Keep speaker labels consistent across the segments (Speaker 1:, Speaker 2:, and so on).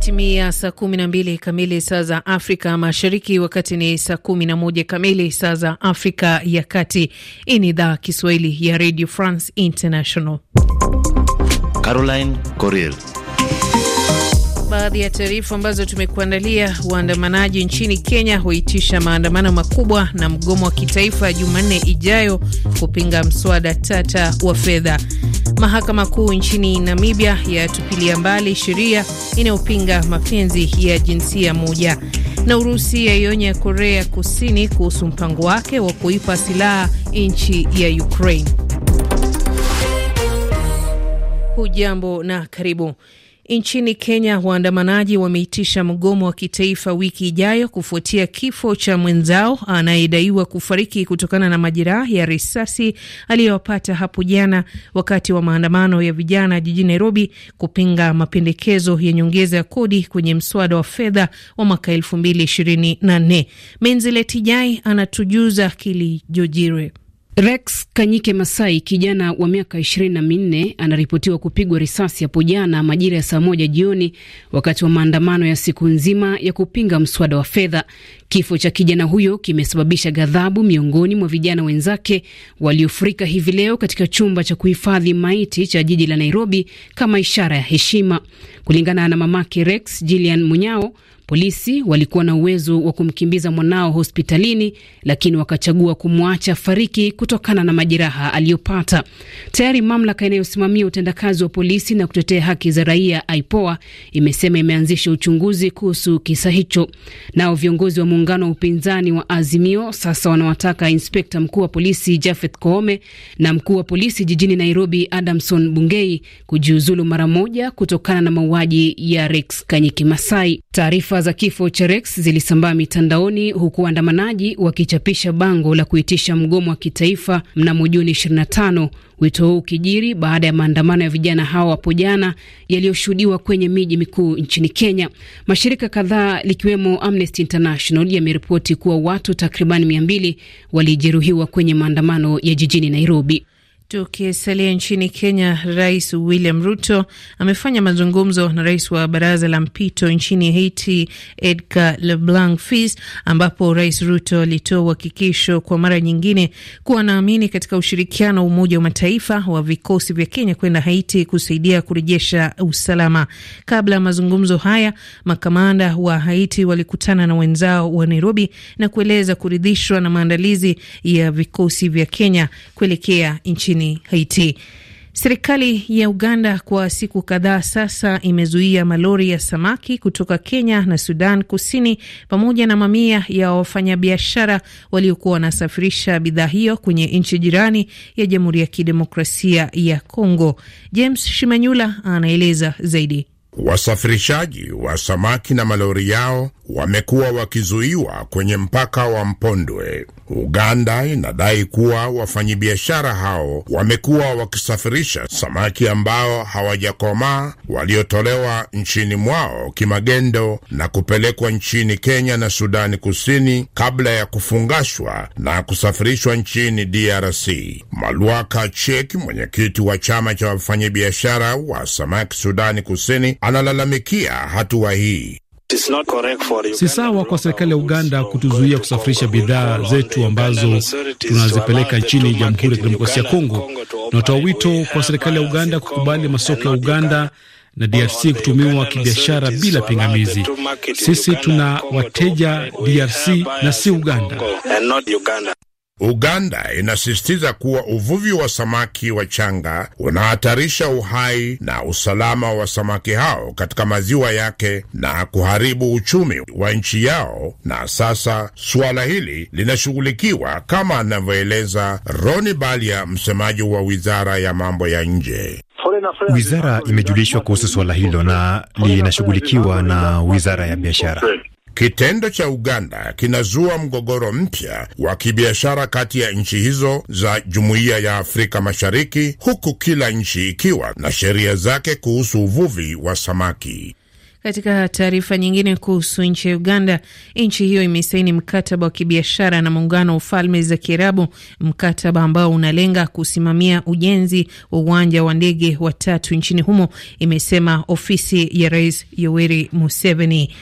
Speaker 1: Imetimia saa 12 kamili saa za Afrika Mashariki, wakati ni saa 11 kamili saa za Afrika ya Kati. Hii ni idhaa Kiswahili ya Radio France International.
Speaker 2: Caroline Coril
Speaker 1: Baadhi ya taarifa ambazo tumekuandalia: waandamanaji nchini Kenya huitisha maandamano makubwa na mgomo wa kitaifa Jumanne ijayo kupinga mswada tata wa fedha. Mahakama Kuu nchini Namibia yatupilia mbali sheria inayopinga mapenzi ya jinsia moja. Na Urusi yaionya Korea Kusini kuhusu mpango wake wa kuipa silaha nchi ya Ukraine. Hujambo na karibu. Nchini Kenya, waandamanaji wameitisha mgomo wa kitaifa wiki ijayo kufuatia kifo cha mwenzao anayedaiwa kufariki kutokana na majeraha ya risasi aliyowapata hapo jana wakati wa maandamano ya vijana jijini Nairobi kupinga mapendekezo ya nyongeza ya kodi kwenye mswada wa fedha wa mwaka elfu mbili ishirini na nne.
Speaker 3: Menzile Tijai anatujuza kilijojirwe Rex Kanyike Masai, kijana wa miaka ishirini na minne, anaripotiwa kupigwa risasi hapo jana majira ya saa moja jioni wakati wa maandamano ya siku nzima ya kupinga mswada wa fedha. Kifo cha kijana huyo kimesababisha ghadhabu miongoni mwa vijana wenzake waliofurika hivi leo katika chumba cha kuhifadhi maiti cha jiji la Nairobi kama ishara ya heshima. Kulingana na mamake Rex, Jillian Munyao, Polisi walikuwa na uwezo wa kumkimbiza mwanao hospitalini, lakini wakachagua kumwacha fariki kutokana na majeraha aliyopata. Tayari mamlaka inayosimamia utendakazi wa polisi na kutetea haki za raia ipoa imesema imeanzisha uchunguzi kuhusu kisa hicho. Nao viongozi wa muungano wa upinzani wa Azimio sasa wanawataka inspekta mkuu wa polisi Jafeth Koome na mkuu wa polisi jijini Nairobi Adamson Bungei kujiuzulu mara moja kutokana na mauaji ya Rex Kanyiki Masai. Taarifa za kifo cha Rex zilisambaa mitandaoni huku waandamanaji wakichapisha bango la kuitisha mgomo wa kitaifa mnamo Juni 25. Wito huu ukijiri baada ya maandamano ya vijana hao hapo jana yaliyoshuhudiwa kwenye miji mikuu nchini Kenya. Mashirika kadhaa likiwemo Amnesty International yameripoti kuwa watu takriban 200 walijeruhiwa kwenye maandamano ya jijini Nairobi.
Speaker 1: Tukisalia nchini Kenya, Rais William Ruto amefanya mazungumzo na rais wa baraza la mpito nchini Haiti, Edgar Leblanc Fils, ambapo Rais Ruto alitoa uhakikisho kwa mara nyingine kuwa anaamini katika ushirikiano wa Umoja wa Mataifa wa vikosi vya Kenya kwenda Haiti kusaidia kurejesha usalama. Kabla ya mazungumzo haya, makamanda wa Haiti walikutana na wenzao wa Nairobi na kueleza kuridhishwa na maandalizi ya vikosi vya Kenya kuelekea nchini nchini Haiti. Serikali ya Uganda kwa siku kadhaa sasa imezuia malori ya samaki kutoka Kenya na Sudan Kusini, pamoja na mamia ya wafanyabiashara waliokuwa wanasafirisha bidhaa hiyo kwenye nchi jirani ya Jamhuri ya Kidemokrasia ya Kongo. James Shimanyula anaeleza zaidi.
Speaker 4: Wasafirishaji wa samaki na malori yao wamekuwa wakizuiwa kwenye mpaka wa Mpondwe. Uganda inadai kuwa wafanyabiashara hao wamekuwa wakisafirisha samaki ambao hawajakomaa waliotolewa nchini mwao kimagendo na kupelekwa nchini Kenya na Sudani Kusini kabla ya kufungashwa na kusafirishwa nchini DRC. Malwaka Chek, mwenyekiti wa chama cha wafanyabiashara wa samaki Sudani Kusini, analalamikia hatua hii. Si sawa kwa serikali ya Uganda kutuzuia
Speaker 5: kusafirisha bidhaa zetu ambazo tunazipeleka nchini Jamhuri ya Kidemokrasia ya Kongo. Natoa wito kwa serikali ya Uganda kukubali masoko ya Uganda na DRC kutumiwa
Speaker 4: kibiashara bila pingamizi.
Speaker 5: Sisi tuna wateja DRC na si
Speaker 4: Uganda. Uganda inasisitiza kuwa uvuvi wa samaki wa changa unahatarisha uhai na usalama wa samaki hao katika maziwa yake na kuharibu uchumi wa nchi yao, na sasa suala hili linashughulikiwa kama anavyoeleza Roni Balia, msemaji wa wizara ya mambo ya nje.
Speaker 2: Wizara imejulishwa kuhusu suala hilo na
Speaker 4: linashughulikiwa na wizara ya biashara. Kitendo cha Uganda kinazua mgogoro mpya wa kibiashara kati ya nchi hizo za Jumuiya ya Afrika Mashariki, huku kila nchi ikiwa na sheria zake kuhusu uvuvi wa samaki.
Speaker 1: Katika taarifa nyingine kuhusu nchi ya Uganda, nchi hiyo imesaini mkataba wa kibiashara na Muungano wa ufalme za Kiarabu, mkataba ambao unalenga kusimamia ujenzi wa uwanja wa ndege wa tatu nchini humo, imesema ofisi ya Rais Yoweri Museveni.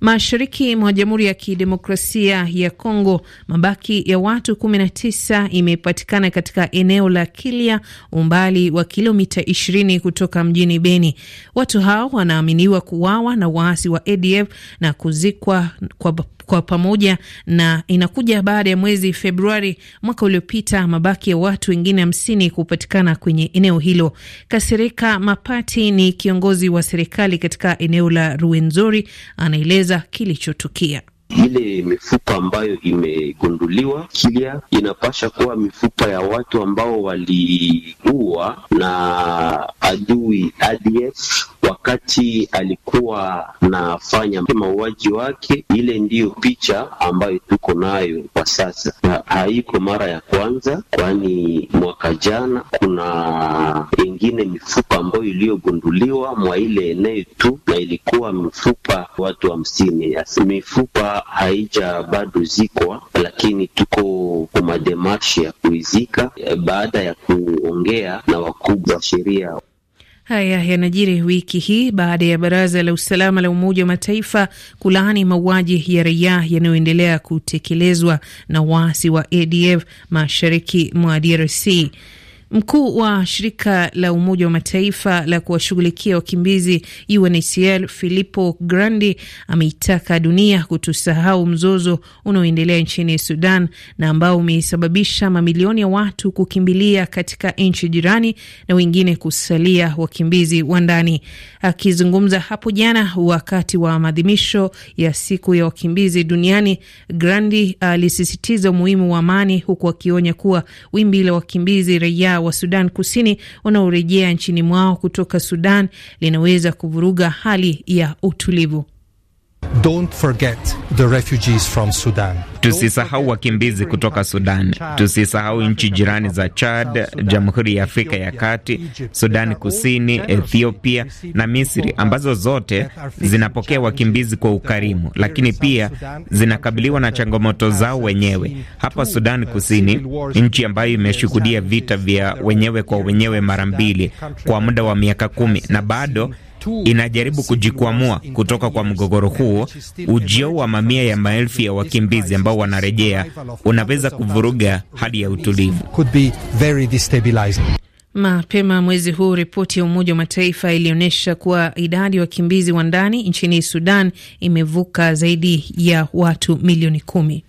Speaker 1: Mashariki mwa Jamhuri ya Kidemokrasia ya Kongo, mabaki ya watu 19 imepatikana katika eneo la Kilia, umbali wa kilomita 20 kutoka mjini Beni. Watu hao wanaaminiwa kuuawa na waasi wa ADF na kuzikwa kwa, kwa pamoja, na inakuja baada ya mwezi Februari mwaka uliopita mabaki ya watu wengine hamsini kupatikana kwenye eneo hilo. Kasirika Mapati ni kiongozi wa serikali katika eneo la Ruenzori, anaeleza kueleza kilichotukia.
Speaker 6: Ile mifupa ambayo imegunduliwa kilia inapasha kuwa mifupa ya watu ambao waliua na adui ADF wakati alikuwa nafanya mauaji wake. Ile ndiyo picha ambayo tuko nayo kwa sasa, na haiko mara ya kwanza, kwani mwaka jana kuna ingine mifupa ambayo iliyogunduliwa mwa ile eneo tu, na ilikuwa mifupa watu hamsini. Mifupa haija bado zikwa, lakini tuko kwa ya kuizika baada ya kuongea
Speaker 3: na wakubwa wa sheria
Speaker 1: Haya yanajiri wiki hii baada ya baraza la usalama la Umoja wa Mataifa kulaani mauaji ya raia yanayoendelea kutekelezwa na waasi wa ADF mashariki mwa DRC. Mkuu wa shirika la Umoja wa Mataifa la kuwashughulikia wakimbizi UNHCR Filippo Grandi ameitaka dunia kutusahau mzozo unaoendelea nchini Sudan na ambao umesababisha mamilioni ya watu kukimbilia katika nchi jirani na wengine kusalia wakimbizi wa ndani. Akizungumza hapo jana wakati wa maadhimisho ya siku ya wakimbizi duniani, Grandi alisisitiza umuhimu wa amani, huku akionya kuwa wimbi la wakimbizi raia wa Sudan Kusini wanaorejea nchini mwao kutoka Sudan linaweza kuvuruga hali
Speaker 2: ya utulivu. Don't forget the refugees from Sudan.
Speaker 6: Tusisahau wakimbizi kutoka Sudan, tusisahau nchi jirani za Chad, Jamhuri ya Afrika ya Kati, Sudani Kusini, Ethiopia na Misri, ambazo zote zinapokea wakimbizi kwa ukarimu, lakini pia zinakabiliwa na changamoto zao wenyewe. Hapa Sudani Kusini, nchi ambayo imeshuhudia vita vya wenyewe kwa wenyewe mara mbili kwa muda wa miaka kumi na bado inajaribu kujikwamua kutoka kwa mgogoro huo. Ujio wa mamia ya maelfu ya wakimbizi ambao wanarejea unaweza kuvuruga hali ya utulivu.
Speaker 1: Mapema mwezi huu ripoti ya Umoja wa Mataifa ilionyesha kuwa idadi ya wakimbizi wa ndani nchini Sudan imevuka zaidi ya watu milioni kumi.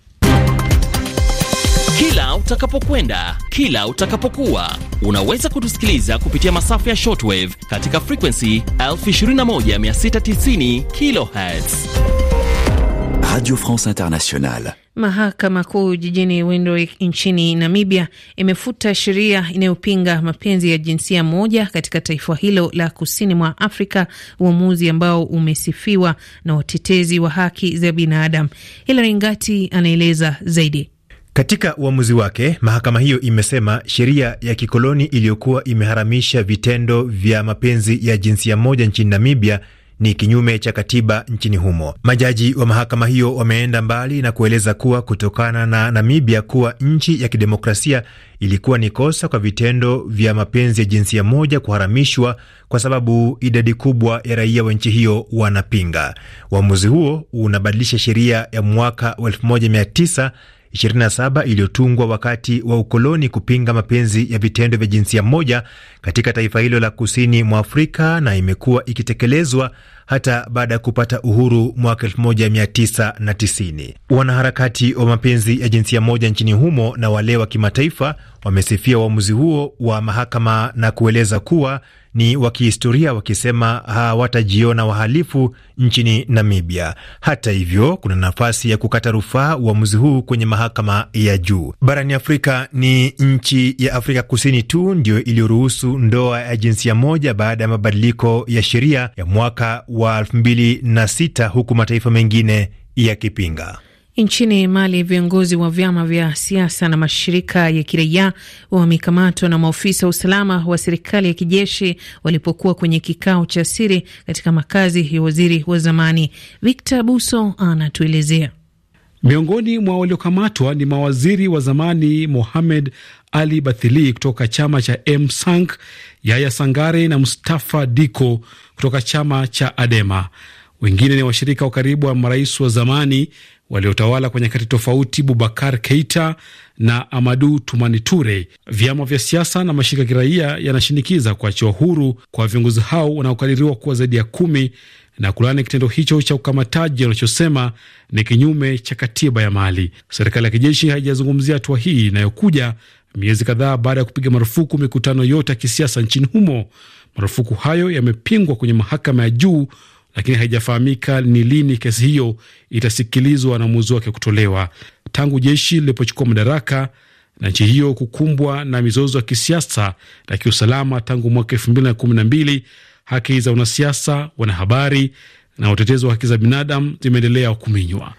Speaker 6: Kila utakapokwenda, kila utakapokuwa Unaweza kutusikiliza kupitia masafa ya shortwave katika frequency 21690
Speaker 5: kHz. Radio France Internationale.
Speaker 1: Mahakama Kuu jijini Windhoek nchini Namibia imefuta sheria inayopinga mapenzi ya jinsia moja katika taifa hilo la kusini mwa Afrika, uamuzi ambao umesifiwa na watetezi wa haki za binadamu. Hilari Ngati anaeleza zaidi.
Speaker 2: Katika uamuzi wake, mahakama hiyo imesema sheria ya kikoloni iliyokuwa imeharamisha vitendo vya mapenzi ya jinsia moja nchini Namibia ni kinyume cha katiba nchini humo. Majaji wa mahakama hiyo wameenda mbali na kueleza kuwa kutokana na Namibia kuwa nchi ya kidemokrasia, ilikuwa ni kosa kwa vitendo vya mapenzi ya jinsia moja kuharamishwa kwa sababu idadi kubwa ya raia wa nchi hiyo wanapinga. Uamuzi huo unabadilisha sheria ya mwaka 27 iliyotungwa wakati wa ukoloni kupinga mapenzi ya vitendo vya jinsia moja katika taifa hilo la kusini mwa Afrika na imekuwa ikitekelezwa hata baada ya kupata uhuru mwaka 1990. Wanaharakati wa mapenzi ya jinsia moja nchini humo na wale wa kimataifa wamesifia uamuzi huo wa mahakama na kueleza kuwa ni wa kihistoria, wakisema hawatajiona wahalifu nchini Namibia. Hata hivyo, kuna nafasi ya kukata rufaa uamuzi huu kwenye mahakama ya juu. Barani Afrika, ni nchi ya Afrika Kusini tu ndio iliyoruhusu ndoa ya jinsia moja baada ya mabadiliko ya sheria ya mwaka wa 2006 huku mataifa mengine yakipinga.
Speaker 1: Nchini Mali, viongozi wa vyama vya siasa na mashirika ya kiraia wamekamatwa na maofisa wa usalama wa serikali ya kijeshi walipokuwa kwenye kikao cha siri katika makazi ya waziri wa zamani. Victor Buso anatuelezea.
Speaker 5: Miongoni mwa waliokamatwa ni mawaziri wa zamani Mohamed Ali Bathili kutoka chama cha m sank Yaya Sangare na Mustafa Diko kutoka chama cha Adema. Wengine ni washirika wa karibu wa marais wa zamani waliotawala kwa nyakati tofauti Bubakar Keita na Amadu Tumani Ture. Vyama vya siasa na mashirika ya kiraia yanashinikiza kuachiwa huru kwa viongozi hao wanaokadiriwa kuwa zaidi ya kumi na kulaani kitendo hicho cha ukamataji wanachosema ni kinyume cha katiba ya Mali. Serikali ya kijeshi haijazungumzia hatua hii inayokuja miezi kadhaa baada ya kupiga marufuku mikutano yote ya kisiasa nchini humo. Marufuku hayo yamepingwa kwenye mahakama ya juu lakini haijafahamika ni lini kesi hiyo itasikilizwa na uamuzi wake kutolewa. Tangu jeshi lilipochukua madaraka na nchi hiyo kukumbwa na mizozo ya kisiasa na kiusalama tangu mwaka elfu mbili na kumi na mbili, haki za wanasiasa, wanahabari na utetezi wa haki za binadamu zimeendelea kuminywa.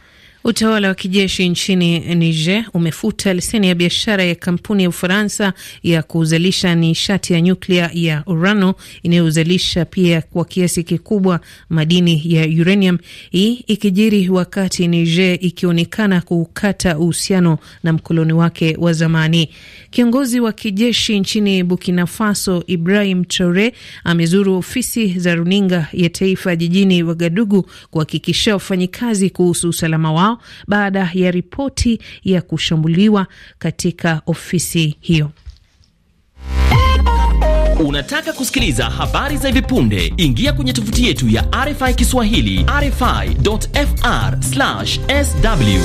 Speaker 1: Utawala wa kijeshi nchini Niger umefuta leseni ya biashara ya kampuni ya Ufaransa ya kuzalisha nishati ya nyuklia ya urano inayozalisha pia kwa kiasi kikubwa madini ya uranium. Hii ikijiri wakati Niger ikionekana kukata uhusiano na mkoloni wake wa zamani. Kiongozi wa kijeshi nchini Burkina Faso Ibrahim Traore amezuru ofisi za runinga ya taifa jijini Wagadugu kuhakikishia wafanyikazi kuhusu usalama wao baada ya ripoti ya kushambuliwa katika ofisi hiyo.
Speaker 6: Unataka kusikiliza habari za hivi punde? Ingia kwenye tovuti yetu ya RFI Kiswahili, rfi.fr/sw.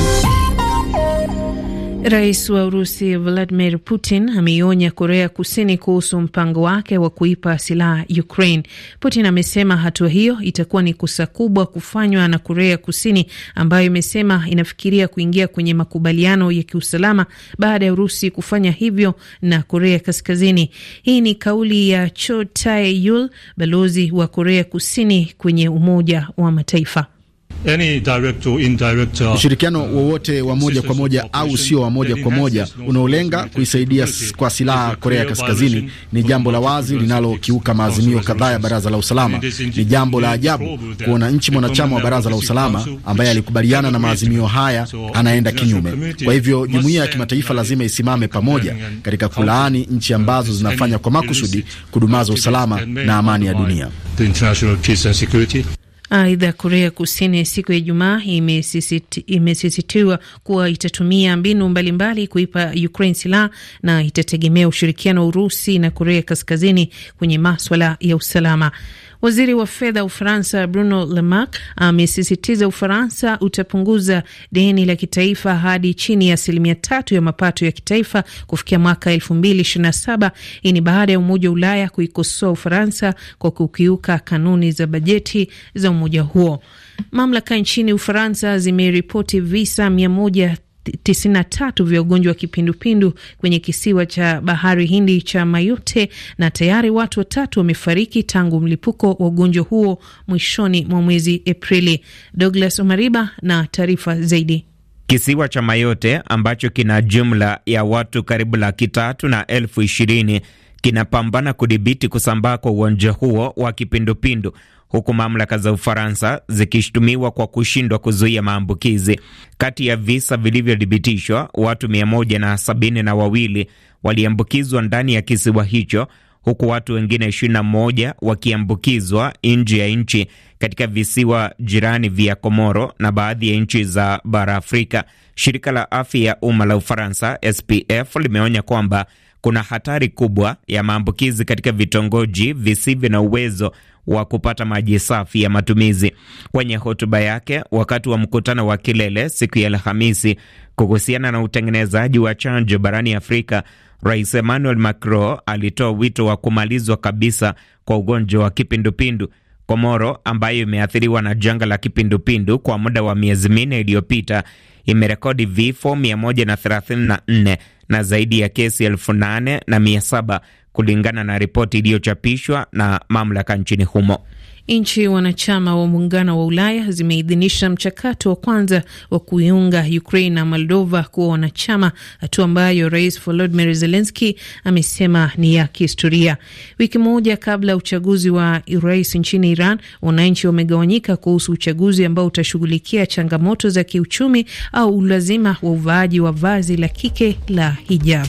Speaker 1: Rais wa Urusi Vladimir Putin ameionya Korea Kusini kuhusu mpango wake wa kuipa silaha Ukraine. Putin amesema hatua hiyo itakuwa ni kosa kubwa kufanywa na Korea Kusini, ambayo imesema inafikiria kuingia kwenye makubaliano ya kiusalama baada ya Urusi kufanya hivyo na Korea Kaskazini. Hii ni kauli ya Cho Tae-yul, balozi wa Korea Kusini kwenye Umoja wa Mataifa. Uh, Ushirikiano
Speaker 5: uh, wowote wa moja kwa moja au usio wa moja kwa moja unaolenga kuisaidia kwa silaha Korea Kaskazini ni jambo la wazi linalokiuka maazimio kadhaa ya Baraza la Usalama. Ni jambo la ajabu kuona nchi mwanachama wa Baraza la Usalama ambaye alikubaliana na maazimio haya anaenda kinyume. Kwa hivyo, jumuiya ya kimataifa lazima isimame pamoja katika kulaani nchi ambazo zinafanya kwa makusudi kudumaza usalama na amani ya dunia.
Speaker 1: Aidha, Korea Kusini siku ya Ijumaa imesisitiwa kuwa itatumia mbinu mbalimbali kuipa Ukraine silaha na itategemea ushirikiano wa Urusi na Korea Kaskazini kwenye maswala ya usalama. Waziri wa fedha Ufaransa Bruno Le Maire amesisitiza Ufaransa utapunguza deni la kitaifa hadi chini ya asilimia tatu ya mapato ya kitaifa kufikia mwaka elfu mbili ishirini na saba. Hii ni baada ya Umoja wa Ulaya kuikosoa Ufaransa kwa kukiuka kanuni za bajeti za umoja huo. Mamlaka nchini Ufaransa zimeripoti visa mia moja 93 tatu vya ugonjwa wa kipindupindu kwenye kisiwa cha bahari Hindi cha mayote na tayari watu watatu wamefariki tangu mlipuko wa ugonjwa huo mwishoni mwa mwezi Aprili. Douglas Omariba na taarifa zaidi.
Speaker 6: Kisiwa cha Mayote ambacho kina jumla ya watu karibu laki tatu na elfu ishirini kinapambana kudhibiti kusambaa kwa ugonjwa huo wa kipindupindu huku mamlaka za Ufaransa zikishutumiwa kwa kushindwa kuzuia maambukizi. Kati ya visa vilivyothibitishwa, watu mia moja na sabini na wawili waliambukizwa ndani ya kisiwa hicho huku watu wengine 21 wakiambukizwa nje ya nchi katika visiwa jirani vya Komoro na baadhi ya nchi za bara Afrika. Shirika la afya ya umma la Ufaransa, SPF, limeonya kwamba kuna hatari kubwa ya maambukizi katika vitongoji visivyo na uwezo wa kupata maji safi ya matumizi. Kwenye hotuba yake wakati wa mkutano wa kilele siku ya Alhamisi kuhusiana na utengenezaji wa chanjo barani Afrika, Rais Emmanuel Macron alitoa wito wa kumalizwa kabisa kwa ugonjwa wa kipindupindu. Komoro ambayo imeathiriwa na janga la kipindupindu kwa muda wa miezi minne iliyopita imerekodi vifo 134 na zaidi ya kesi elfu nane na mia saba kulingana na ripoti iliyochapishwa na mamlaka nchini humo.
Speaker 1: Nchi wanachama wa muungano wa Ulaya zimeidhinisha mchakato wa kwanza wa kuiunga Ukraine na Moldova kuwa wanachama, hatua ambayo Rais volodimir zelenski amesema ni ya kihistoria. Wiki moja kabla ya uchaguzi wa urais nchini Iran, wananchi wamegawanyika kuhusu uchaguzi ambao utashughulikia changamoto za kiuchumi au ulazima wa uvaaji wa
Speaker 3: vazi la kike la hijab.